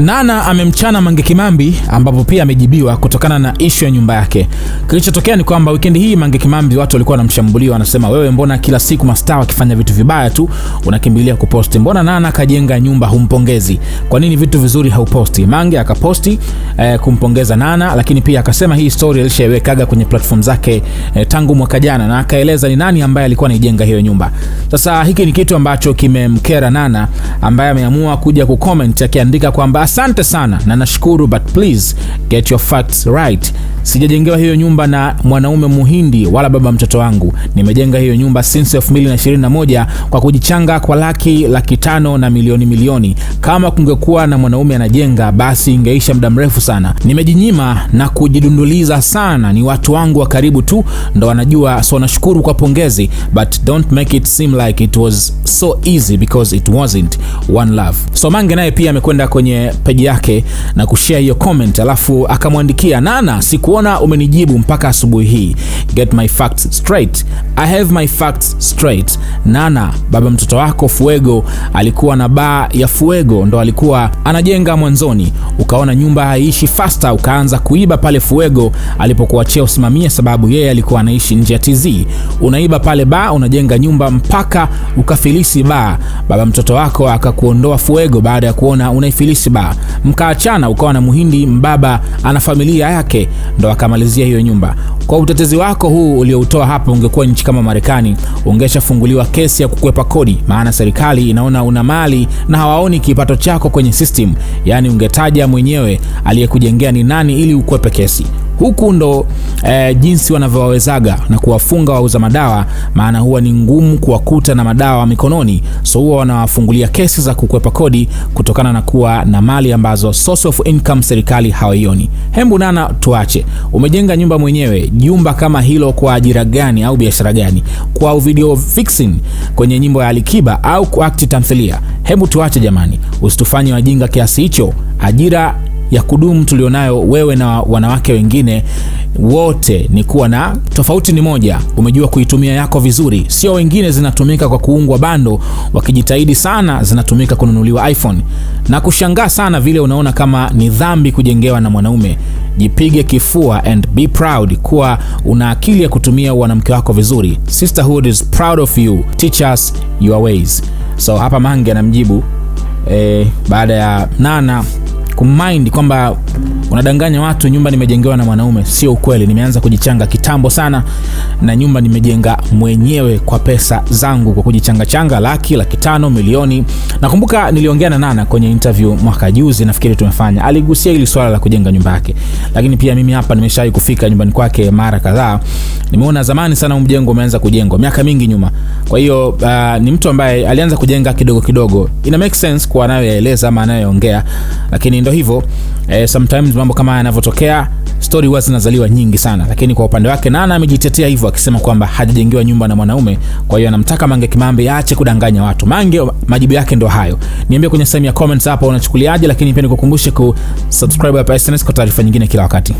Nana amemchana Mange Kimambi ambapo pia amejibiwa kutokana na ishu ya nyumba yake. Kilichotokea ni kwamba wikendi hii Mange Kimambi watu walikuwa wanamshambulia, wanasema wewe, mbona kila siku mastaa wakifanya vitu vibaya tu unakimbilia kuposti? Mbona Nana kajenga nyumba humpongezi? Kwa nini vitu vizuri hauposti? Mange akaposti eh, kumpongeza Nana, lakini pia akasema hii story alishaiwekaga kwenye platform zake eh, tangu mwaka jana, na akaeleza ni nani ambaye alikuwa anaijenga hiyo nyumba. Sasa hiki ni kitu ambacho kimemkera Nana ambaye ameamua kuja kucomment akiandika kwamba Asante sana na nashukuru, but please get your facts right. Sijajengewa hiyo nyumba na mwanaume Muhindi wala baba mtoto wangu. Nimejenga hiyo nyumba since 2021 kwa kujichanga kwa laki laki tano na milioni milioni. Kama kungekuwa na mwanaume anajenga, basi ingeisha muda mrefu sana. Nimejinyima na kujidunduliza sana, ni watu wangu wa karibu tu ndo wanajua, so nashukuru kwa pongezi, but don't make it seem like it was so easy because it wasn't. One love. So Mange naye pia amekwenda kwenye peji yake na kushare hiyo comment, alafu akamwandikia Nana, sikuona mbona umenijibu mpaka asubuhi hii? Get my facts straight. I have my facts straight. Nana, baba mtoto wako Fuego alikuwa na baa ya Fuego, ndo alikuwa anajenga mwanzoni, ukaona nyumba haiishi fasta, ukaanza kuiba pale Fuego alipokuachia usimamie, sababu yeye alikuwa anaishi nje ya TZ. Unaiba pale baa, unajenga nyumba mpaka ukafilisi baa. Baba mtoto wako akakuondoa Fuego baada ya kuona unaifilisi baa, mkaachana, ukawa na Muhindi mbaba ana familia yake ndo akamalizia hiyo nyumba. Kwa utetezi wako huu ulioutoa hapa, ungekuwa nchi kama Marekani ungeshafunguliwa kesi ya kukwepa kodi, maana serikali inaona una mali na hawaoni kipato chako kwenye system, yaani ungetaja mwenyewe aliyekujengea ni nani ili ukwepe kesi. Huku ndo eh, jinsi wanavyowawezaga na kuwafunga wauza madawa, maana huwa ni ngumu kuwakuta na madawa mikononi, so huwa wanawafungulia kesi za kukwepa kodi kutokana na kuwa na mali ambazo source of income serikali hawaioni. Hembu nana, tuache. Umejenga nyumba mwenyewe, jumba kama hilo kwa ajira gani au biashara gani? Kwa video fixing kwenye nyimbo ya Alikiba au kuakti tamthilia? Hebu tuache jamani, usitufanye wajinga kiasi hicho. Ajira ya kudumu tulionayo wewe na wanawake wengine wote ni kuwa na tofauti ni moja, umejua kuitumia yako vizuri, sio wengine zinatumika kwa kuungwa bando, wakijitahidi sana zinatumika kununuliwa iPhone na kushangaa sana vile unaona kama ni dhambi kujengewa na mwanaume. Jipige kifua and be proud kuwa una akili ya kutumia wanamke wako vizuri. Sisterhood is proud of you, teach us your ways. So hapa Mange anamjibu eh, baada ya Nana kumind kwamba unadanganya watu, nyumba nimejengewa na mwanaume. Sio ukweli, nimeanza kujichanga kitambo sana, na nyumba nimejenga mwenyewe kwa pesa zangu, kwa kujichangachanga laki, laki tano, milioni. Nakumbuka niliongea na Nana kwenye interview mwaka juzi, nafikiri tumefanya, aligusia hili swala la kujenga nyumba yake, lakini pia mimi hapa nimeshawai kufika nyumbani kwake mara kadhaa. Nimeona zamani sana mjengo umeanza kujengwa miaka mingi nyuma. Kwa hiyo uh, ni mtu ambaye alianza kujenga kidogo kidogo. Ina make sense kwa anayoyaeleza ama anayoongea, lakini ndo hivyo eh, sometimes mambo kama yanavyotokea stori huwa zinazaliwa nyingi sana, lakini kwa upande wake Nana amejitetea hivyo akisema kwamba hajajengiwa nyumba na mwanaume, kwa hiyo anamtaka Mange Kimambe aache kudanganya watu. Mange majibu yake ndo hayo. Niambie kwenye sehemu ya comments hapo unachukuliaje, lakini pia nikukumbushe kusubscribe hapa SnS kwa taarifa nyingine kila wakati.